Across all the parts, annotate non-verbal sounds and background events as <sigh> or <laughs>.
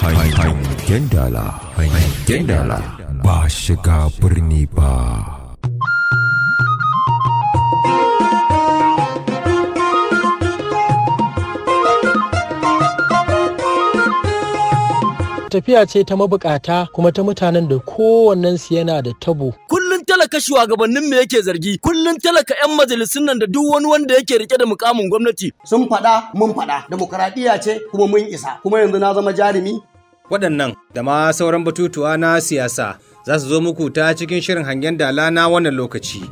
Gendala, ba shiga birni ba. tafiya ce ta mabukata kuma ta mutanen da kowannensu yana da tabo. Kullum talaka shugabannin me yake zargi, kullum talaka 'yan majalisun nan da duk wani wanda yake rike da mukamin gwamnati. Sun faɗa, mun faɗa, demokaradiyya ce kuma mun isa, kuma yanzu na zama jarumi waɗannan da ma sauran batutuwa na siyasa za su zo muku ta cikin shirin hangen dala na wannan lokaci.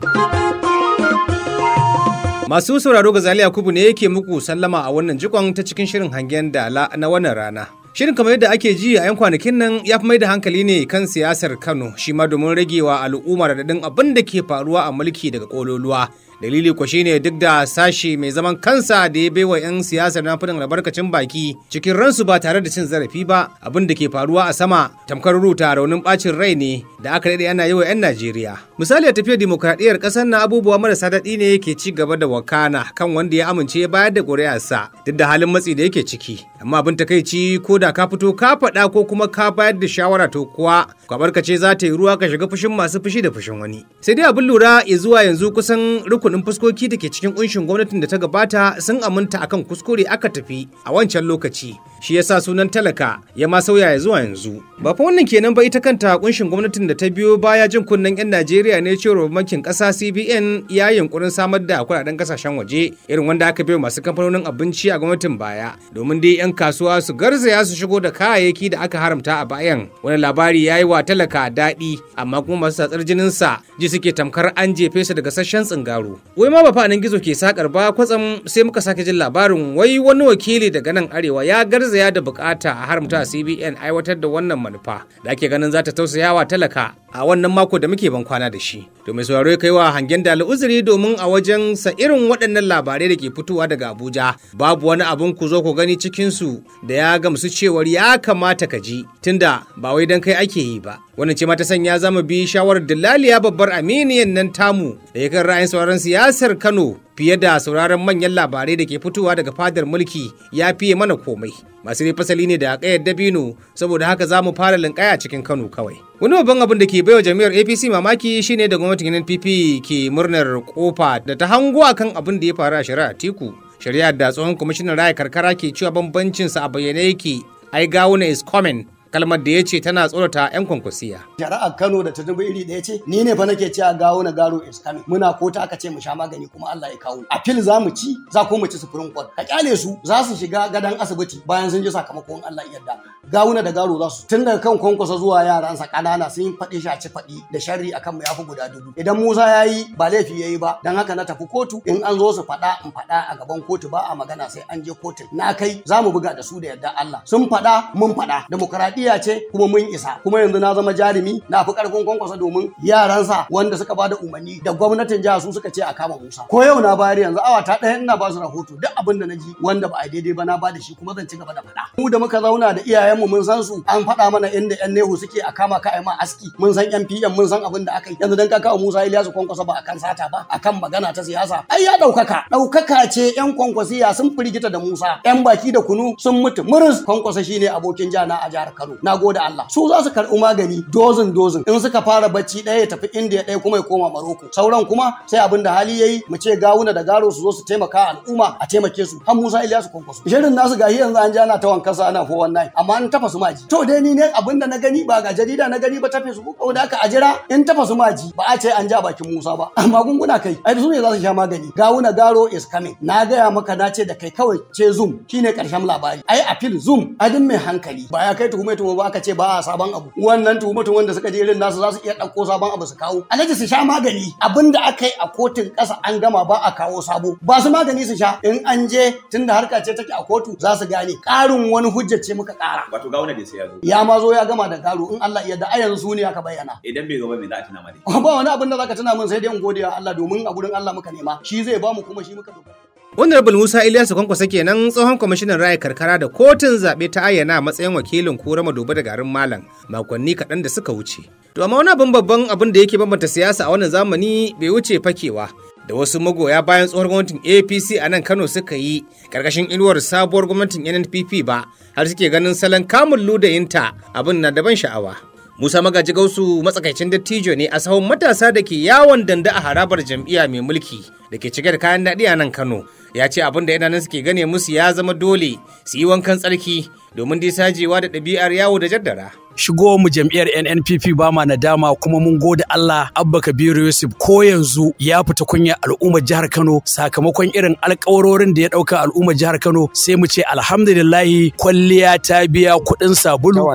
Masu sauraro ga Zaliya Kubu ne yake muku sallama a wannan jikon ta cikin shirin hangen dala na wannan rana. Shirin kamar yadda ake ji a 'yan kwanakin nan ya fi mai da hankali ne kan siyasar Kano shi ma domin ragewa al'umma daɗin abin da ke faruwa a mulki daga kololuwa. Dalili kwa ne duk da sashi mai zaman kansa da ya baiwa 'yan siyasar na fadin albarkacin baki cikin ransu ba tare da cin zarafi ba abin da ke faruwa a sama tamkar ruta raunin bacin rai ne da aka daɗe ana yi wa 'yan Najeriya. Misali a tafiyar dimokuraɗiyyar ƙasar na abubuwa marasa daɗi ne yake ci gaba da wakana kan wanda ya amince ya bayar da ƙuri'arsa duk da halin matsi da yake ciki. Amma abin takaici ko da da ka fito ka faɗa ko kuma ka bayar da shawara to kuwa kwabar ka ce za ta yi ruwa ka shiga fushin masu fushi da fushin wani. Sai dai abin lura ya zuwa yanzu kusan rukunin fuskoki da ke cikin kunshin gwamnatin da ta gabata sun aminta akan kuskure aka tafi a wancan lokaci. Shi yasa sunan talaka ya ma sauya ya zuwa yanzu. Ba fa wannan kenan ba ita kanta kunshin gwamnatin da ta biyo baya jin kunnen 'yan Najeriya ne cewar bankin kasa CBN ya yunkurin samar da kuɗaɗen kasashen waje irin wanda aka bai masu kamfanonin abinci a gwamnatin baya domin dai 'yan kasuwa su garzaya su shigo da kayayyaki da aka haramta a bayan wani labari ya yi wa talaka daɗi amma kuma masu tsatsar jininsa ji suke tamkar an jefe su daga sashen tsingaro wai ma ba fa gizo ke sakar ba kwatsam sai muka sake jin labarin wai wani wakili daga nan arewa ya garzaya da bukata a haramta cbn aiwatar da wannan manufa da ake ganin za ta tausaya wa talaka a wannan mako da muke ban kwana da shi To mai sauraro kai wa hangen da uzuri domin a wajen sa irin waɗannan labarai da ke fitowa daga Abuja babu wani abun ku zo ku gani cikin su da ya gamsu cewar ya kamata ka ji tunda ba wai dan kai ake yi ba. Wannan ce mata sanya zama bi shawarar Dillaliya babbar aminiyan nan tamu da ya kan ra'ayin sauraron siyasar Kano fiye da sauraron manyan labarai da ke fitowa daga fadar mulki ya fiye mana komai. masu dai fasali ne da kayar dabino saboda haka za mu fara linkaya cikin kano kawai wani babban abin da ke baiwa jami'ar apc mamaki shine da gwamnatin npp ke murnar kofa da ta hango akan abin da ya faru a shari'a tiku shari'a da tsohon kwamishinan raya karkara ke cewa bambancin bambancinsa a bayyane yake ai gawuna is coming kalmar da ya ce tana tsorata 'yan kwankwasiya. Shari'ar Kano da Tinubu iri ɗaya ce, ni ne fa nake ce a gawo na garo is Kano. Muna kota aka ce mu sha magani kuma Allah ya kawo. A fil za mu ci, za ko mu ci sufurin kwan. Ka kyale su, za su shiga gadon asibiti bayan sun ji sakamakon Allah ya yarda. Gawuna da garo za su. Tun daga kan kwankwasa zuwa yaran sa ƙanana sun yi faɗi shi a ci faɗi da sharri akan mu ya fi guda dubu. Idan Musa ya yi ba laifi ya yi ba, dan haka na tafi kotu in an zo su faɗa in faɗa a gaban kotu ba a magana sai an je kotun. Na kai za mu buga da su da yarda Allah. Sun faɗa mun faɗa. Demokaradiyya iya ce kuma mun isa kuma yanzu na zama jarumi na fi karfin kwankwasa domin yaransa wanda suka bada umarni da gwamnatin jiha su suka ce a kama Musa ko yau na bayar yanzu awa ta ɗaya ina ba su rahoto duk abin da na ji wanda ba a daidai ba na ba da shi kuma zan ci gaba da faɗa mu da muka zauna da iyayenmu mun san su an faɗa mana inda yan nehu suke a kama ka ma aski mun san yan PM mun san abin da aka yi yanzu dan kaka Musa Ilyasu kwankwasa ba akan sata ba akan magana ta siyasa ai ya ɗaukaka ɗaukaka ce yan kwankwasiya sun firgita da Musa yan baki da kunu sun mutu muris kwankwasa shine abokin jana a jihar Kano yaro na gode Allah su za su karɓi magani dozin dozin in suka fara bacci ɗaya ya tafi indiya ɗaya kuma ya koma maroko sauran kuma sai abin da hali yayi mu ce gawuna da garo su zo su taimaka al'umma a taimake su har musa ilyasu kwankwaso shirin nasu ga yanzu an ji ana ta sa ana fo wannan amma an tafa su maji to dai ni ne abin da na gani ba ga jarida na gani ba ta facebook ko da aka ajira in tafa su maji ba a ce an ja bakin musa ba amma <laughs> gunguna kai ai su ne za su sha magani gawuna garo is coming na gaya maka na ce da kai kawai ce zoom shine karshen labari ai appeal zoom adin mai hankali ba ya kai tuhume tuwo ba aka ce ba a sabon abu wannan tuwo mutum wanda suka je irin nasu za su iya ɗauko sabon abu su kawo alhaji su sha magani abinda aka yi a kotun ƙasa an gama ba a kawo sabo ba su magani su sha in an je tunda harka ce take a kotu za su gane ƙarin wani hujja ce muka ƙara wato ga wanda sai ya zo ya ma zo ya gama da garo in Allah ya da ayan su ne aka bayyana idan bai gaba me za a tuna mani ba wani abin da zaka tuna min sai dai in godiya Allah domin a gurin Allah muka nema shi zai ba mu kuma shi muka dogara Honorable Musa Ilyasu Kwankwasa kenan tsohon kwamishinan raya karkara da kotun zaɓe ta ayyana a matsayin wakilin kura madoba da garin malam makonni kaɗan da suka wuce. To amma wani abin babban abin da yake bambanta siyasa a wannan zamani bai wuce fakewa da wasu magoya bayan tsohon gwamnatin APC a nan Kano suka yi ƙarƙashin inuwar sabuwar gwamnatin NNPP ba har suke ganin salon kamun ludayinta abin na daban sha'awa. Musa Magaji Gausu matsakaicin dattijo ne a sahun matasa da ke yawon danda a harabar jam'iyya mai mulki da ke cike da kayan daɗi a nan Kano ya ce abin da nan suke gane musu ya zama dole su yi wankan tsarki domin sajewa da ɗabi'ar yawo da jaddara. shigo mu jam'iyyar NNPP ba ma nadama kuma mun gode Allah Abba Kabiru Yusuf ko yanzu ya fita kunya al'ummar jihar Kano sakamakon irin alƙawarorin da ya ɗauka al'ummar jihar Kano sai mu ce alhamdulillahi kwalliya ta biya kuɗin sabulu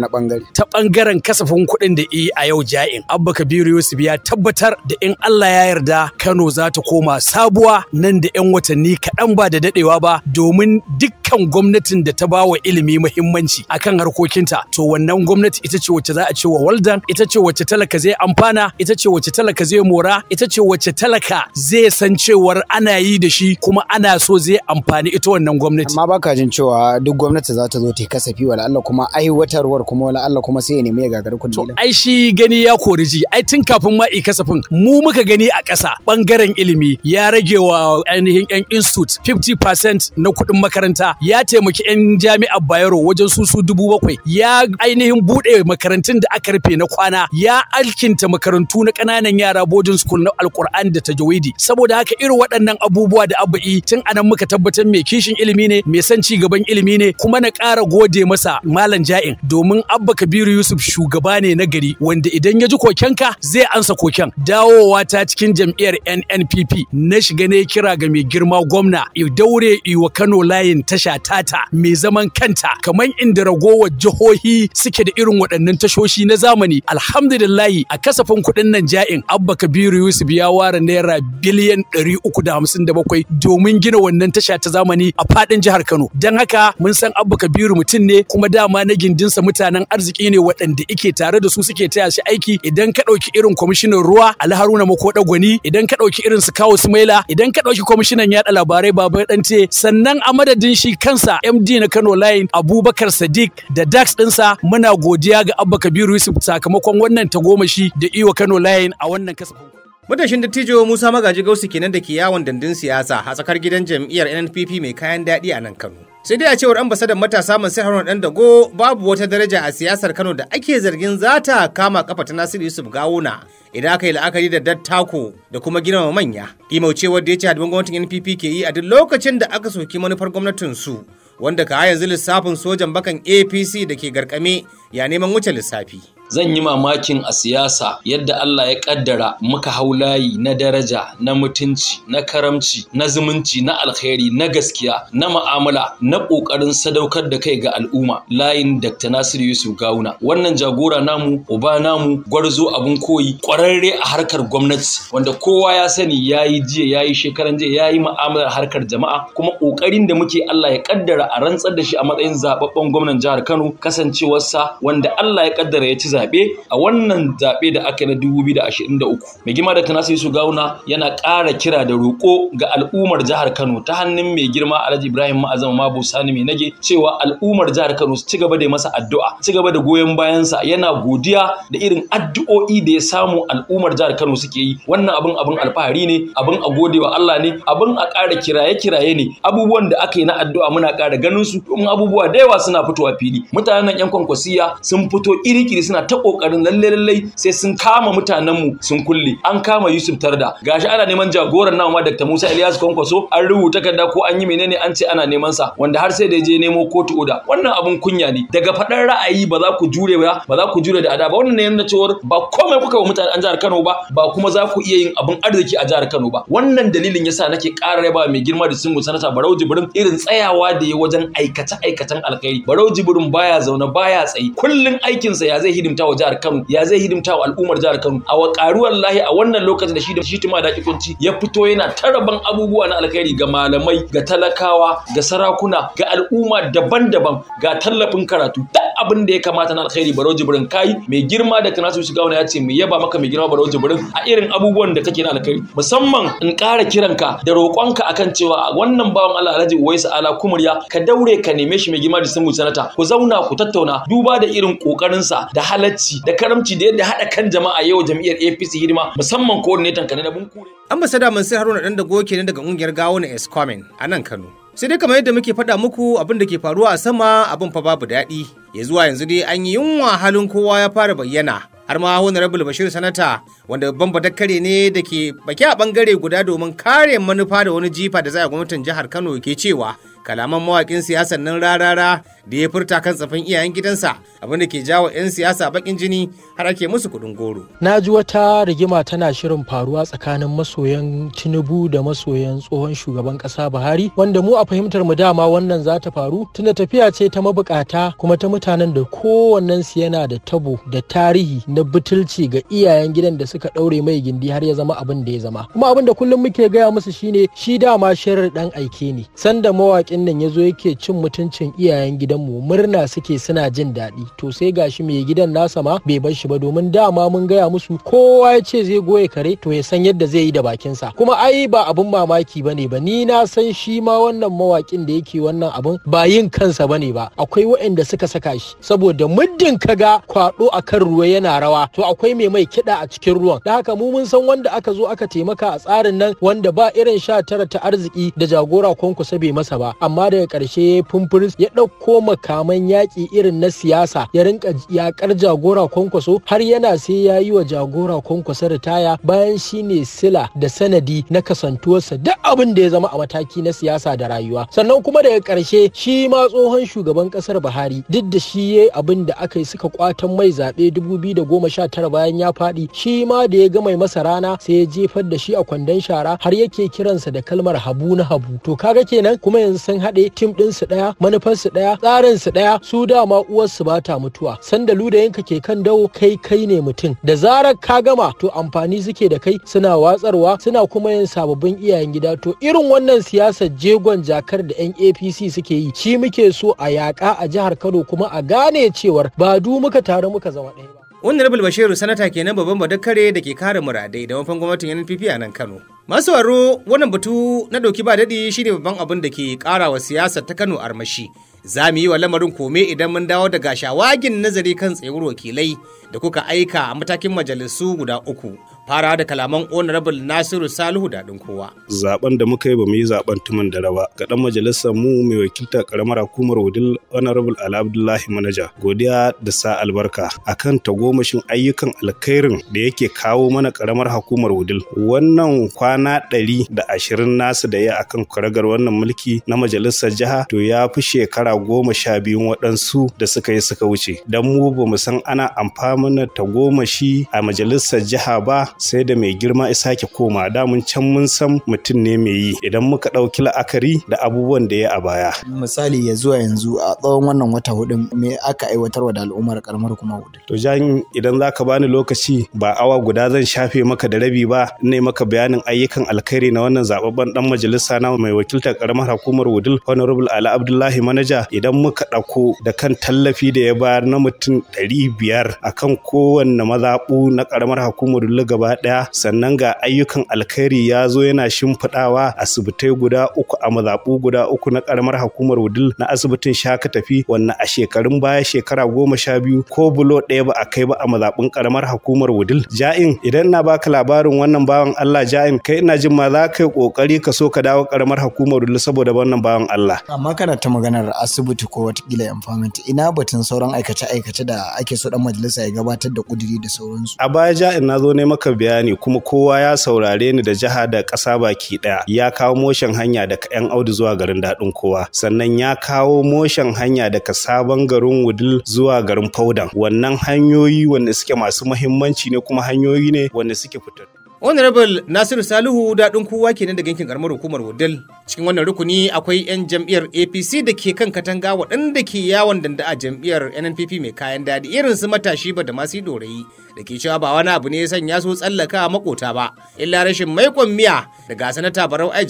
ta ɓangaren kasafin kuɗin da yi a yau ja'in Abba Kabiru Yusuf ya tabbatar da in Allah ya yarda Kano za ta koma sa sabuwa nan da 'yan watanni kaɗan ba da daɗewa ba domin duk kan gwamnatin da ta bawa ilimi muhimmanci akan harkokinta to wannan gwamnati ita ce wacce za a ce wa waldan ita ce wacce talaka zai amfana ita ce wacce talaka zai mora ita ce wacce talaka zai san cewar ana yi da shi kuma ana so zai amfani ita wannan gwamnati amma baka jin cewa duk gwamnati za ta zo ta kasafi wala Allah kuma aiwatarwar kuma wala Allah kuma sai ya nemi ya gagari kuɗi ai shi gani ya kori ji ai tun kafin ma kasafin mu muka gani a ƙasa bangaren ilimi ya rage wa ainihin yan institute 50% na kuɗin makaranta ya taimaki 'yan jami'ar bayero wajen su su dubu bakwai ya ainihin buɗe makarantun da aka rufe na kwana ya alkinta makarantu na ƙananan yara bojin school na alkur'an da tajawidi saboda haka irin waɗannan abubuwa da abu'i tun anan muka tabbatar mai kishin ilimi ne mai son ci gaban ilimi ne kuma na ƙara gode masa malam ja'in domin abba kabiru yusuf shugaba ne na gari wanda idan ya ji koken ka zai ansa koken dawowa ta cikin jam'iyyar nnpp na shiga ne kira ga mai girma gwamna ya daure iwa kano layin tasha tasha ta mai zaman kanta kamar inda ragowar jihohi suke da irin waɗannan tashoshi na zamani alhamdulillahi a kasafin kuɗin nan ja'in abba kabiru yusuf ya ware naira biliyan ɗari uku da hamsin da bakwai domin gina wannan tasha ta zamani a faɗin jihar kano don haka mun san abba kabiru mutum ne kuma dama na gindinsa mutanen arziki ne waɗanda ike tare da su suke taya shi aiki idan ka ɗauki irin kwamishinan ruwa alharuna makoda gwani idan ka ɗauki irin su kawo sumaila idan ka ɗauki kwamishinan yaɗa labarai baba ɗance sannan a madadin shi kansa MD na Kano Line Abubakar Sadiq da Dax ɗinsa muna godiya ga Abba Kabiru Yusuf sakamakon wannan tagomashi da Iwa Kano Line a wannan kasafin. Matashin dattijo Musa Magaji Gausu kenan da ke yawon dandun siyasa a tsakar gidan jam'iyyar NNPP mai kayan daɗi a nan Kano. Sai dai a cewar ambasadan matasa masu Haruna ɗan dago babu wata daraja a siyasar Kano da ake zargin za ta kama kafa ta Nasiru Yusuf Gawuna idan aka yi la'akari da dattako da kuma girmama manya. Kimaucewar da ya ce haduwan gwamnatin NPP ke yi a duk lokacin da aka soki manufar gwamnatin su wanda ka yanzu lissafin sojan bakan APC da ke garkame ya neman wuce lissafi. zan yi mamakin a siyasa yadda Allah ya kaddara muka hau layi na daraja na mutunci na karamci na zumunci na alkhairi na gaskiya na ma'amala na ƙoƙarin sadaukar da kai ga al'umma layin Dr. Nasir Yusuf Gawuna wannan jagora namu uba namu gwarzo abun koyi ƙwararre a harkar gwamnati wanda kowa ya sani yayi jiya yayi shekaran jiya yayi ma'amalar harkar jama'a kuma ƙoƙarin da muke Allah ya kaddara a rantsar da shi a matsayin zababben gwamnan jihar Kano kasancewarsa wanda Allah ya kaddara ya ci za zaɓe a wannan zaɓe da aka na dubu 2023 mai girma da tanasi su gauna yana ƙara kira da roƙo ga al'ummar jihar kano ta hannun mai girma alhaji ibrahim ma'azama mabu sani mai nage cewa al'ummar jihar kano su ci gaba da masa addu'a ci gaba da goyon bayansa yana godiya da irin addu'o'i da ya samu al'ummar jihar kano suke yi wannan abin abin alfahari ne abin a godewa Allah ne abin a ƙara kiraye-kiraye ne abubuwan da aka yi na addu'a muna ƙara ganin su abubuwa da yawa suna fitowa fili mutanen yan kwankwasiya sun fito iri-iri suna ta kokarin lalle lalle sai sun kama mutanen mu sun kulle an kama Yusuf Tarda gashi ana neman jagoran nan ma Dr. Musa Ilyas Kwankwaso an rubuta da ko an yi menene an ce ana neman sa wanda har sai da je nemo kotu oda wannan abun kunya ne daga fadar ra'ayi ba za ku jure ba ba za ku jure da ada wannan ne yanda cewa ba komai kuka wa mutanen jihar Kano ba ba kuma za ku iya yin abun arziki a jihar Kano ba wannan dalilin yasa nake karar ba mai girma da sungu sanata Barau Jibrin irin tsayawa da ya wajen aikace aikacen alkhairi Barau Jibrin baya zaune baya tsayi kullun aikinsa ya zai hidim hidimta wa jihar Kano ya zai hidimta wa al'ummar jihar Kano a wakaruwar lahi a wannan lokacin da shi da shi tuma da kunci ya fito yana taraban abubuwa na alkhairi ga malamai ga talakawa ga sarakuna ga al'umma daban-daban ga tallafin karatu duk abin da ya kamata na alkhairi baro Jibrin kai mai girma da Tanasu Shigawa ya ce mu yaba maka mai girma baro Jibrin a irin abubuwan da kake na alkhairi musamman in ƙara kiranka da roƙonka akan cewa wannan bawan Allah Alhaji Uwaisu Ala Kumurya ka daure ka neme shi mai girma da Sanata ku zauna ku tattauna duba da irin ƙoƙarinsa da hal halacci da karamci da yadda haɗa kan jama'a yau jam'iyyar APC hidima musamman coordinator ka na bunkure. Ambassador sai Haruna dan da goke ne daga ƙungiyar Gawo na Escomen a nan Kano. sai dai kamar yadda muke fada muku abin da ke faruwa a sama abin fa babu daɗi ya zuwa yanzu dai an yi yunwa halin kowa ya fara bayyana har ma honorable bashir sanata wanda babban badakare ne da ke baki a bangare guda domin kare manufa da wani jifa da za a gwamnatin jihar kano ke cewa kalaman mawakin siyasar nan rarara da ya furta kan tsafin iyayen gidansa abin da ke jawo 'yan siyasa bakin jini har ake musu kuɗin goro. Na ji wata rigima tana shirin faruwa tsakanin masoyan Tinubu da masoyan tsohon shugaban ƙasa Buhari wanda mu a fahimtar mu dama wannan za ta faru tunda tafiya ce ta mabukata kuma ta mutanen da kowannen su yana da tabo da tarihi na butulci ga iyayen gidan da suka ɗaure mai gindi har ya zama abin da ya zama. Kuma abin da kullum muke gaya musu shine shi dama shirin dan aike ne. Sanda mawaki baƙin nan ya zo yake cin mutuncin iyayen gidanmu murna suke suna jin daɗi to sai gashi mai gidan nasa ma bai bar shi ba domin dama mun gaya musu kowa ya ce zai goye kare to ya san yadda zai yi da bakinsa kuma ai ba abun mamaki bane ba ni na san shi ma wannan mawaƙin da yake wannan abun ba yin kansa ne ba akwai waɗanda suka saka shi saboda muddin kaga a kan ruwa yana rawa to akwai mai mai kiɗa a cikin ruwan da haka mu mun san wanda aka zo aka taimaka a tsarin nan wanda ba irin sha tara ta arziki da jagora kwankwasa bai masa ba amma daga ƙarshe fumfuris ya ɗauko makaman yaƙi irin na siyasa ya rinka yaƙar jagora kwankwaso har yana sai ya yi wa jagora kwankwaso ritaya bayan shine sila da sanadi na kasantuwarsa duk abin da ya zama a mataki na siyasa da rayuwa sannan kuma daga ƙarshe shi ma tsohon shugaban ƙasar buhari duk da shi ya abin da aka yi suka kwatan mai zaɓe 2019 bayan ya faɗi shi ma da ya ga mai masa rana sai ya jefar da shi a kwandon shara har yake kiransa da kalmar habu na habu to kaga kenan kuma yanzu sun haɗe tim ɗin su ɗaya manufar su ɗaya tsarin su ɗaya su dama uwarsu ba ta mutuwa sandalu da yanka ke kan dawo kai kai ne mutum da zarar ka gama to amfani suke da kai suna watsarwa suna kuma yin sababbin iyayen gida to irin wannan siyasar jegon jakar da yan apc suke yi shi muke so a yaƙa a jihar kano kuma a gane cewar ba du muka taru muka zama ɗaya ba. Wannan Bashiru sanata kenan babban badakare da ke kare muradai da mafan gwamnatin NPP a nan Kano. Masu Masauraro wannan batu na ɗauki ba daɗi shine babban abin da ke ƙara wa siyasa ta Kano armashi. Za mu yi wa lamarin kome idan mun dawo daga shawagin nazari kan tsayuwar wakilai da kuka aika a matakin majalisu guda uku. fara da kalaman honorable nasiru salihu daɗin kowa zaben da muka yi ba mu yi zaben tumin da raba ga dan majalisar mu mai wakilta karamar hukumar wudil honorable ala abdullahi manaja godiya da sa albarka a kan tagomashin ayyukan alkhairin da yake kawo mana karamar hukumar wudil wannan kwana ɗari da ashirin nasu da ya akan karagar wannan mulki na majalisar jiha to ya fi shekara goma sha biyu waɗansu da suka yi suka wuce dan mu ba mu san ana amfana tagomashi a majalisar jiha ba sai da mai girma ya sake koma damun can mun san mutum ne mai yi idan muka ɗauki la'akari da abubuwan da ya a baya. Misali ya zuwa yanzu a tsawon wannan wata hudu me aka aiwatarwa da al'ummar karamar kuma hudu. To jan idan za ka bani lokaci ba awa guda zan shafe maka da rabi ba ne maka bayanin ayyukan alkhairi na wannan zababben dan majalisa na mai wakiltar karamar hukumar wudul honorable ala abdullahi manaja idan muka ɗauko da kan tallafi da ya bayar na mutum ɗari biyar akan kowanne mazaɓu na karamar hukumar wudul gaba gaba ɗaya sannan ga ayyukan alkhairi ya zo yana shimfiɗawa asibitai guda uku a mazaɓu guda uku na ƙaramar hukumar wudil na asibitin shaka tafi wannan a shekarun baya shekara goma sha biyu ko bulo ɗaya ba a kai ba a mazaɓun ƙaramar hukumar wudil ja'in idan na baka labarin wannan bawan Allah ja'in kai ina jin ma za ka yi ƙoƙari ka so ka dawo ƙaramar hukumar wudil saboda wannan bawan Allah. amma kana ta maganar asibiti ko watakila empowerment ina batun sauran aikace-aikace da ake so ɗan majalisa ya gabatar da kuduri da sauransu. a baya ja'in na zo ne maka bayani kuma kowa ya saurare ni da jiha da ƙasa baki ɗaya ya kawo moshin hanya daga yan audu zuwa garin daɗin kowa sannan ya kawo moshin hanya daga sabon garin wudil zuwa garin faudan wannan hanyoyi wanda suke masu muhimmanci ne kuma hanyoyi ne wanda suke fitar honorable nasiru salihu daɗin kowa kenan da yankin karamar hukumar wudil cikin wannan rukuni akwai 'yan jam'iyyar apc da ke kan katanga waɗanda ke yawon danda a jam'iyyar nnpp mai kayan daɗi irin su matashi ba da masu dorayi da ke cewa ba wani abu ne ya sanya su tsallaka makota ba illa rashin maikon miya daga sanata barau ai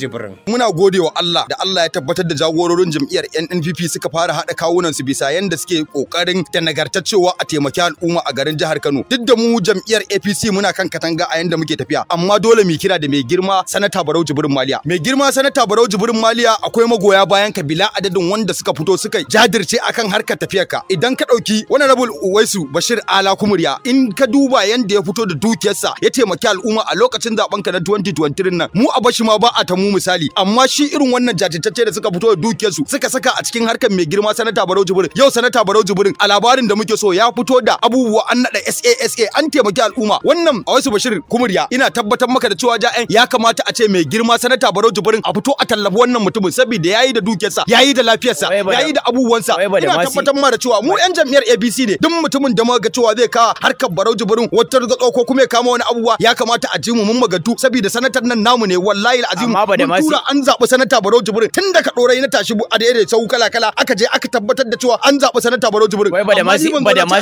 muna gode wa allah da allah ya tabbatar da jagororin jam'iyyar nnpp suka fara haɗa kawunan su bisa yanda suke kokarin da nagartaccewa a taimaki al'umma a garin jihar kano duk da mu jam'iyyar apc muna kan katanga a yanda muke tafiya amma dole mu kira da mai girma sanata barau jibrin maliya mai girma sanata barau jibrin maliya akwai magoya bayan ka bila adadin wanda suka fito suka jajirce akan harkar tafiyar ka idan ka dauki wani rabul uwaisu bashir ala kumurya in ka duba yanda ya fito da dukiyarsa ya taimaki al'umma a lokacin zaben ka na 2023 nan mu a bashi ma ba a ta mu misali amma shi irin wannan jajirtacce da suka fito da dukiyarsu suka saka a cikin harkar mai girma sanata barau jibrin yau sanata barau jibrin a labarin da muke so ya fito da abubuwa an nada SASA an taimaki al'umma wannan a wasu bashir Kumurya ina tabbatar maka da cewa ja'en ya kamata a ce mai girma sanata baro Jibrin a fito a tallafi wannan mutumin saboda yayi da dukiyarsa yayi da lafiyarsa yayi da abubuwansa ina tabbatar ma da cewa mu yan jam'iyyar ABC ne duk mutumin da muka ga cewa zai kawo harkar baro Jibrin wata gatsa ko kuma ya kama wani abubuwa ya kamata a ji mu mun magantu saboda sanatar nan namu ne wallahi alazim mun tura an zaɓi sanata baro Jibrin tun daga dorai na tashi a da yare sau kala kala aka je aka tabbatar da cewa an zaɓi sanata baro Jibrin amma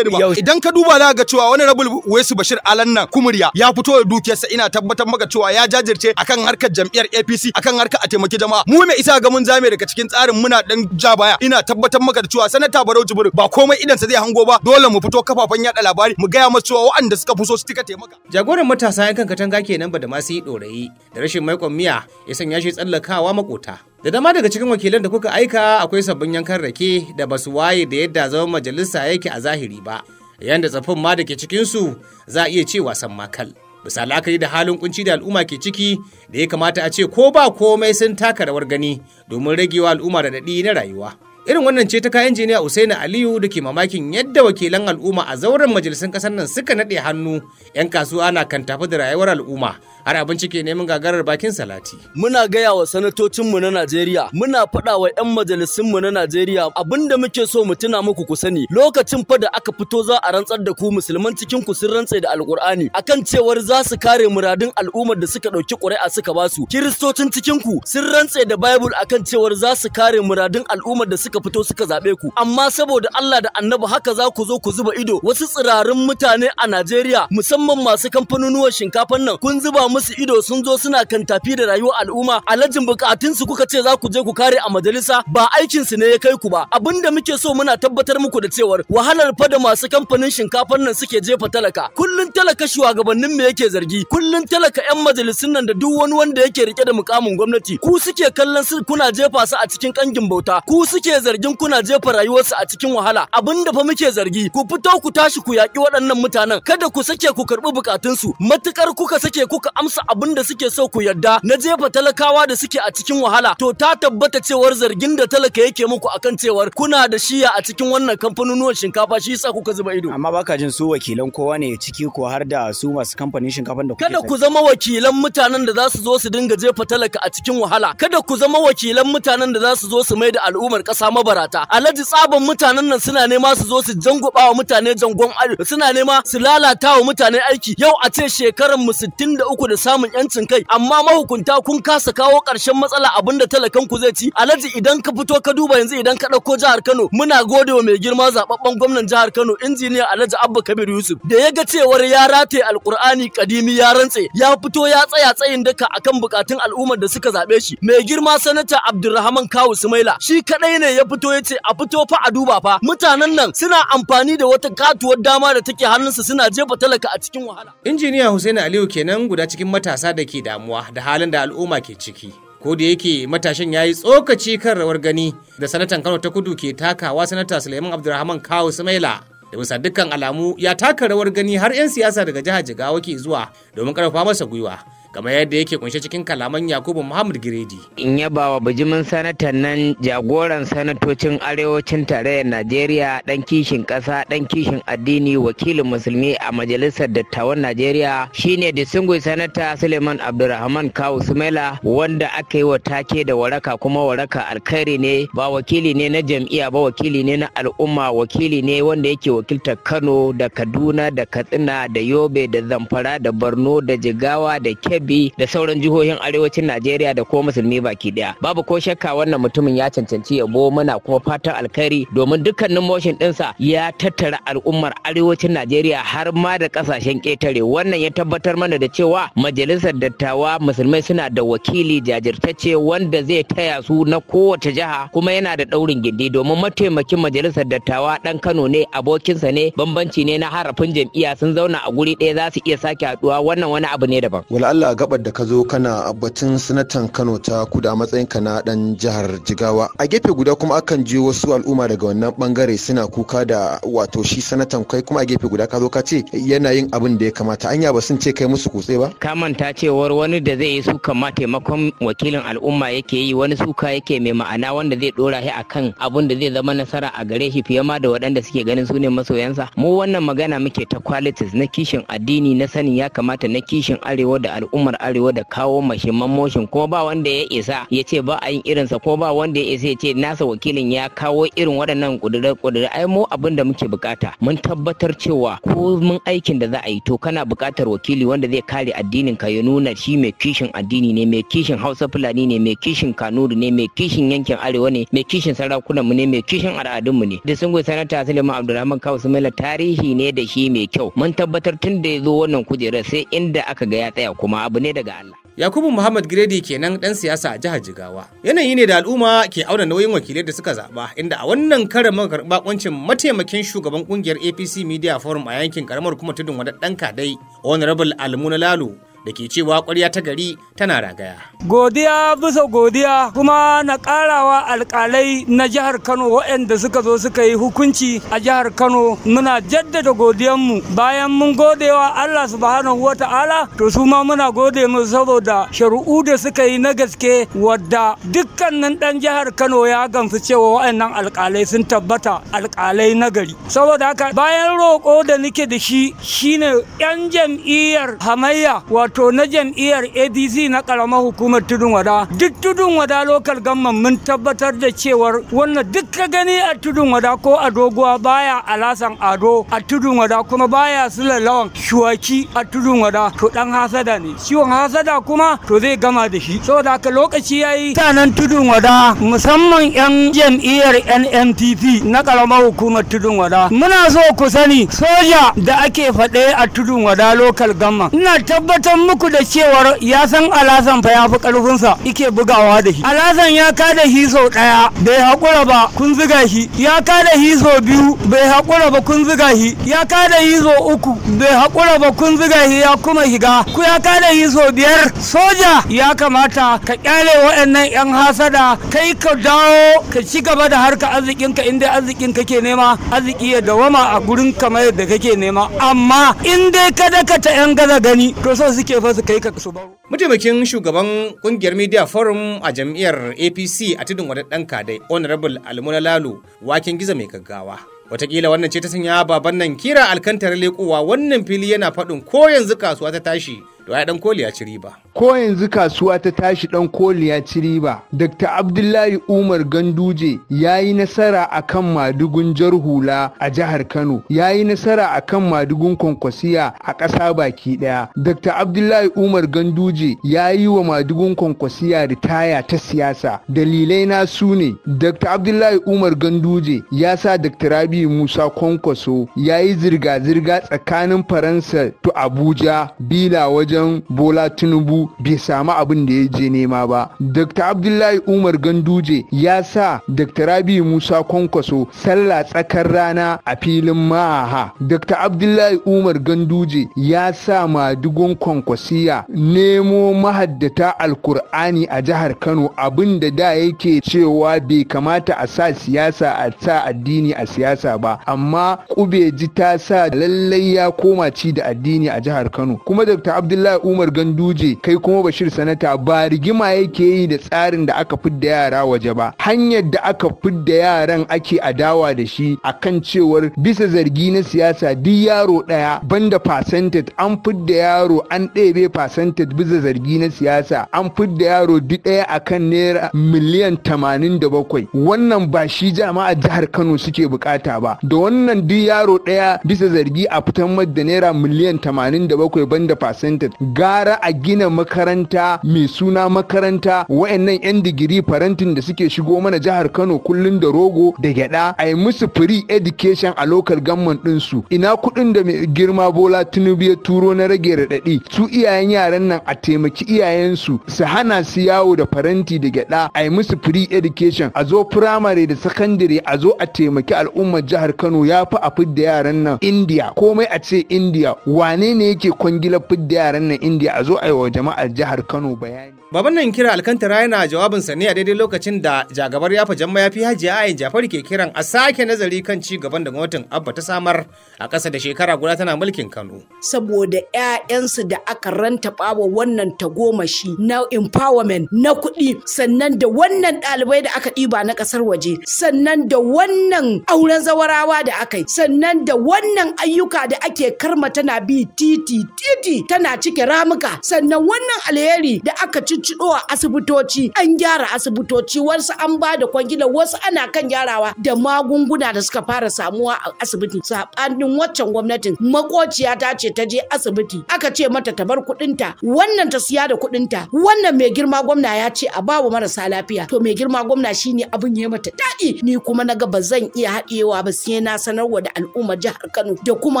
idan ka duba za ga cewa wani rabul Wesu Bashir Alan nan kumuriya ya fito da dukiya dukiyarsa ina tabbatar maka cewa ya jajirce akan harkar jam'iyyar APC akan harkar a taimaki jama'a mu mai isa ga mun zame daga cikin tsarin muna dan ja baya ina tabbatar maka da cewa sanata Barau Jibir ba komai sa zai hango ba dole mu fito kafafen yada labari mu gaya masa cewa waɗanda suka fuso su tika taimaka jagoran matasa yankan katanga kenan ba da su yi dorayi da rashin maikon miya ya sanya shi tsallakawa makota da dama daga cikin wakilan da kuka aika akwai sabbin yankan rake da basu waye da yadda zaman majalisa yake a zahiri ba yanda tsafin ma da ke cikinsu za a iya cewa san makal. bisa la'akari da halin kunci da al'umma ke ciki da ya kamata a ce ko ba komai sun taka rawar gani domin ragewa al'umma da daɗi na rayuwa. irin wannan ce ta kayan jiniya Usaini aliyu da ke mamakin yadda wakilan al'umma a zauren majalisun kasar nan suka naɗe hannu yan kasuwa na kan tafi da rayuwar al'umma har abinci ke neman gagarar bakin salati muna gaya wa sanatocinmu na najeriya muna faɗa wa yan majalisunmu na najeriya abin da muke so mu tuna muku ku sani lokacin fa da aka fito za a rantsar da ku musulman cikin ku sun rantse da alkur'ani akan cewar za su kare muradun al'ummar da suka ɗauki ƙuri'a suka basu kiristocin cikin ku sun rantse da bible akan cewar za su kare muradun al'ummar da suka suka fito suka zaɓe ku amma saboda Allah da annabi haka za ku zo ku zuba ido wasu tsirarin mutane a Najeriya musamman masu kamfanonuwan shinkafan nan kun zuba musu ido sun zo suna kan tafi da rayuwar al'umma Alajin bukatun su kuka ce za ku je ku kare a majalisa ba aikin su ne ya kai ku ba abinda muke so muna tabbatar muku da cewar wahalar fa da masu kamfanin shinkafan nan suke jefa talaka kullun talaka shugabannin me yake zargi kullun talaka yan majalisun nan da duk wani wanda yake rike da mukamin gwamnati ku suke kallon su kuna jefa su a cikin kangin bauta ku suke zargin kuna jefa rayuwarsu a cikin wahala abinda fa muke zargi ku fito ku tashi ku yaƙi waɗannan mutanen kada ku sake ku karɓi bukatunsu matukar kuka sake kuka amsa abin da suke so ku yarda na jefa talakawa da suke a cikin wahala to ta tabbata cewar zargin da talaka yake muku akan cewar kuna da shiya a cikin wannan kamfanonuwan shinkafa shi yasa kuka zuba ido amma baka jin su wakilan kowa ne ciki ko har da su masu kamfanin shinkafan da kuke kada ku zama wakilan mutanen da za su zo su dinga jefa talaka a cikin wahala kada ku zama wakilan mutanen da za su zo su mai da al'ummar ƙasa mabarata alhaji tsaban mutanen nan suna nema su zo su janguba wa mutane jangon suna nema su lalata wa mutane aiki yau a ce shekarar mu 63 da samun yancin kai amma mahukunta kun kasa kawo ƙarshen matsala abinda talakan ku zai ci alhaji idan ka fito ka duba yanzu idan ka dauko jihar Kano muna gode wa mai girma zababben gwamnan jihar Kano injiniya Alhaji Abba Kabir Yusuf da ya ga cewar ya rataye alkur'ani kadimi ya rantse ya fito ya tsaya tsayin daka akan bukatun al'ummar da suka zaɓe shi mai girma sanata Abdulrahman Kawu Sumaila shi kadai ne ya fito ya ce a fito fa a duba fa mutanen nan suna amfani da wata katuwar dama da take hannunsa suna jefa talaka a cikin wahala. Injiniya Hussein Aliyu kenan guda cikin matasa da ke damuwa da halin da al'umma ke ciki. Ko da yake matashin ya yi tsokaci kan rawar gani da sanatan Kano ta kudu ke takawa sanata Suleiman Abdulrahman Kawu Sumaila da bisa dukkan alamu ya taka rawar gani har 'yan siyasa daga jihar Jigawa ke zuwa domin karfafa masa gwiwa. kamar yadda yake kunshe cikin kalaman yakubu muhammad giredi in yaba wa bijimin sanatan nan jagoran sanatocin arewacin tarayyar najeriya dan kishin kasa dan kishin addini wakilin musulmi a majalisar dattawan najeriya shine disingui sanata suleiman abdulrahman kawu sumaila wanda aka yi wa take da waraka kuma waraka alkhairi ne ba wakili ne na jam'iyya ba wakili ne na al'umma wakili ne wanda yake wakiltar kano da kaduna da katsina da yobe da zamfara da borno da jigawa da kebbi Kebbi da sauran jihohin arewacin Najeriya da ko musulmi baki daya. Babu ko shakka wannan mutumin ya cancanci yabo muna kuma fatan alkhairi domin dukkanin motion ɗinsa ya tattara al'ummar arewacin Najeriya har ma da kasashen ƙetare. Wannan ya tabbatar mana da cewa majalisar dattawa musulmai suna da wakili jajirtacce wanda zai taya su na kowace jiha kuma yana da ɗaurin gindi domin mataimakin majalisar dattawa ɗan Kano ne abokinsa ne bambanci ne na harafin jam'iyya sun zauna a guri ɗaya za su iya sake haduwa wannan wani abu ne daban. Wala a gabar da ka zo kana batun sanatan Kano ta kudu a matsayinka na dan jihar Jigawa. A gefe guda kuma akan je wasu al'umma daga wannan bangare suna kuka da wato shi sanatan kai kuma a gefe guda ka zo ka ce yana yin abin da ya kamata. Anya ba sun ce kai musu kutse ba? Ka manta cewar wani da zai yi suka ma taimakon wakilin al'umma yake yi wani suka yake mai ma'ana wanda zai dora shi akan abin da zai zama nasara a gare shi fiye ma da waɗanda suke ganin su ne masoyansa. Mu wannan magana muke ta qualities na kishin addini na sanin ya kamata na kishin arewa da al'umma al'ummar arewa da kawo mahimman motion kuma ba wanda ya isa ya ce ba a yin irinsa kuma ba wanda ya isa ya ce nasa wakilin ya kawo irin waɗannan ƙudurar ƙudurar ai mu abin da muke bukata mun tabbatar cewa ko mun aikin da za a yi to kana bukatar wakili wanda zai kare addinin ka ya nuna shi mai kishin addini ne mai kishin hausa fulani ne mai kishin kanuri ne mai kishin yankin arewa ne mai kishin sarakunan mu ne mai kishin al'adun mu ne da sun goyi sanata suleiman abdulrahman kawo sumaila tarihi ne da shi mai kyau mun tabbatar tun da ya zo wannan kujerar sai inda aka ga ya tsaya kuma abu ne daga Allah. Yakubu Muhammad Giredi kenan dan siyasa a jihar Jigawa. Yanayi ne da al'umma ke auna nauyin wakilai da suka zaɓa, inda a wannan karan muka karba kuncin mataimakin shugaban ƙungiyar APC Media Forum a yankin karamar kuma tudun wani dan kadai Honorable Almuna Lalo da ke cewa ƙwarya ta gari tana ragaya. Godiya bisa godiya kuma na ƙarawa alƙalai na jihar Kano waɗanda suka zo suka yi hukunci a jihar Kano muna jaddada godiyanmu bayan mun godewa Allah subhanahu wa ta'ala to su ma muna gode mu saboda shari'u da suka yi na gaske wadda dukkanin ɗan jihar Kano ya gamsu cewa waɗannan alƙalai sun tabbata alƙalai na gari saboda haka bayan roƙo da nake da shi shine 'yan jam'iyyar hamayya wato wato na jam'iyyar adc na karamar hukumar tudun wada duk tudun wada lokal gamman mun tabbatar da cewar wannan duk ka gani a tudun wada ko a doguwa baya alasan ado a tudun wada kuma baya su lawan shuwaki a tudun wada to dan hasada ne ciwon hasada kuma to zai gama da shi saboda haka lokaci yayi tanan tudun wada musamman yan jam'iyyar nntp na karamar hukumar tudun wada muna so ku sani soja da ake faɗe a tudun wada lokal gamma ina tabbatar san muku da cewar ya san alasan fa ya fi ƙarfinsa ike bugawa da shi alasan ya da shi sau ɗaya bai haƙura ba kun ziga shi ya da shi sau biyu bai haƙura ba kun ziga shi ya da shi sau uku bai haƙura ba kun ziga shi ya kuma shiga ku ya da shi sau biyar soja ya kamata ka kyale waɗannan 'yan hasada kai ka dawo ka ci gaba da harka arzikinka inda arzikin kake nema arziki ya dawama a gurin kamar yadda kake nema amma in dai kada ka ta 'yan gaza gani to so suke suke fasa kai ka so Mataimakin shugaban kungiyar Media Forum a jam'iyyar APC a tudun ɗan kadai Honorable Almuna lalu waken giza mai gaggawa. Wataƙila wannan ce ta sanya baban nan kira alkantar lekowa wannan fili yana faɗin ko yanzu kasuwa ta tashi to ya ɗan koli ya ci riba. ko yanzu kasuwa ta tashi dan koliya ya ci riba dr abdullahi umar ganduje ya yi nasara a kan madugun jar hula a jihar kano ya yi nasara a kan madugun kwankwasiya a ƙasa baki ɗaya dr abdullahi umar ganduje ya yi wa madugun kwankwasiya ritaya ta siyasa dalilai na su ne dr abdullahi umar ganduje ya sa dr rabi musa kwankwaso ya yi zirga-zirga tsakanin faransa to abuja bila wajen bola tinubu bai samu abin da ya je nema ba dr abdullahi umar ganduje ya sa dr rabi musa kwankwaso sallah tsakar rana a filin ma'aha dr abdullahi umar ganduje ya sa madugun kwankwasiya nemo mahaddata alkur'ani a jihar kano abin da da yake cewa bai kamata a sa siyasa a sa addini a siyasa ba amma kubeji ta sa lallai ya koma ci da addini a jihar kano kuma dr abdullahi umar ganduje kai kuma bashir sanata ba rigima yake yi da tsarin da aka fidda yara waje ba hanyar da aka fidda yaran ake adawa da shi akan cewar bisa zargi na siyasa duk yaro ɗaya banda percentage an fidda yaro an ɗebe percentage bisa zargi na siyasa an fidda yaro duk ɗaya akan naira miliyan tamanin da bakwai wannan ba shi jama'a jihar Kano suke bukata ba da wannan duk yaro daya bisa zargi a fitan da naira miliyan tamanin da bakwai banda percentage gara a gina makaranta mai suna makaranta wa'annan 'yan digiri farantin da suke shigo mana jihar Kano kullum da rogo da gyada a yi musu free education a lokal gamman dinsu. ina kuɗin da mai girma Bola Tinubu ya turo na rage raɗaɗi su iyayen yaran nan a taimaki iyayensu su hana su yawo da faranti da gyada a yi musu free education a zo primary da secondary a zo a taimaki al'ummar jihar Kano ya fi a fidda yaran nan India komai a ce India wane ne yake kwangila fidda yaran nan India a zo a yi wa jama'a الجهر كانوا بياني Baban nan kira alkantara yana jawabinsa ne a daidai lokacin da jagabar yafa jamma ya fi hajiya ayin jafari ke kiran a sake nazari kan ci gaban da gwamnatin abba ta samar a ƙasa da shekara guda tana mulkin kano. saboda 'ya'yansu da aka ranta wa wannan tagomashi na empowerment na kuɗi sannan da wannan ɗalibai da aka ɗiba na ƙasar waje sannan da wannan auren zawarawa da aka yi sannan da wannan ayyuka da ake karma tana bi titi titi tana cike ramuka sannan wannan alheri da aka ci cicciro a asibitoci an gyara asibitoci wasu an ba da kwangila wasu ana kan gyarawa da magunguna da suka fara samuwa a asibiti sabanin waccan gwamnatin makociya ta ce ta je asibiti aka ce mata ta bar kuɗinta wannan ta siya da kuɗinta wannan mai girma gwamna ya ce a babu marasa lafiya to mai girma gwamna shine abin ya mata daɗi ni kuma na ga ba zan iya haɗewa ba sai na sanarwa da al'umma jihar Kano da kuma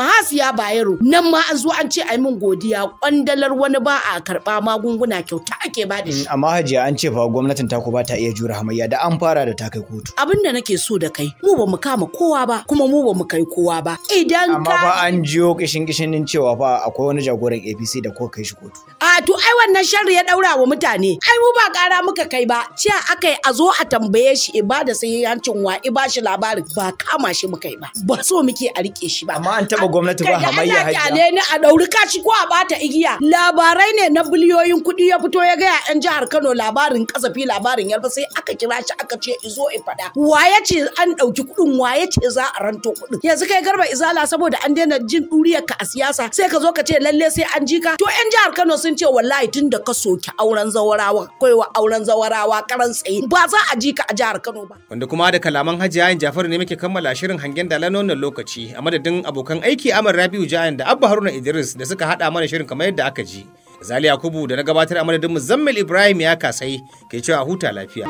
Hasiya Bayero nan ma an zo an ce a yi min godiya kwandalar wani ba a karɓa magunguna kyauta ake ba da shi mm, amma hajiya an ce fa gwamnatin ta taku ba ta iya jura hamayya da an fara da ta kai kotu abin da nake so da kai mu ba mu kama kowa ba kuma mu ba mu kai kowa ba idan ka amma fa an jiyo kishin kishinin cewa fa akwai wani jagoran APC da ko kai shi kotu a to ai wannan sharri ya daura wa mutane ai mu ba kara muka kai ba cewa akai a zo a tambaye shi ibada sai yancin wa iba shi labarin ba kama shi muka yi ba ba so muke a rike shi ba amma an taba gwamnati ba hamayya hajiya ne a dauri kashi ko a bata igiya labarai ne na biliyoyin kuɗi ya fito ya gaya 'ya'yan jihar Kano labarin kasafi labarin yarba sai aka kira shi aka ce izo in faɗa waye ce an ɗauki kuɗin waye ce za a ranto kuɗin yanzu kai garba izala saboda an daina jin ɗuriyar ka a siyasa sai ka zo ka ce lalle sai an ji ka to 'yan jihar Kano sun ce wallahi tun da ka soki auren zawarawa wa auren zawarawa karan tsaye ba za a ji ka a jihar Kano ba wanda kuma da kalaman Hajiya Ayin Jafaru ne muke kammala shirin hangen da wannan lokaci a madadin abokan aiki Amar Rabiu Jayan da Abba Haruna Idris da suka haɗa mana shirin kamar yadda aka ji Zali Yakubu da na gabatar a madadin Muzammil Ibrahim ya kasai ke cewa huta lafiya.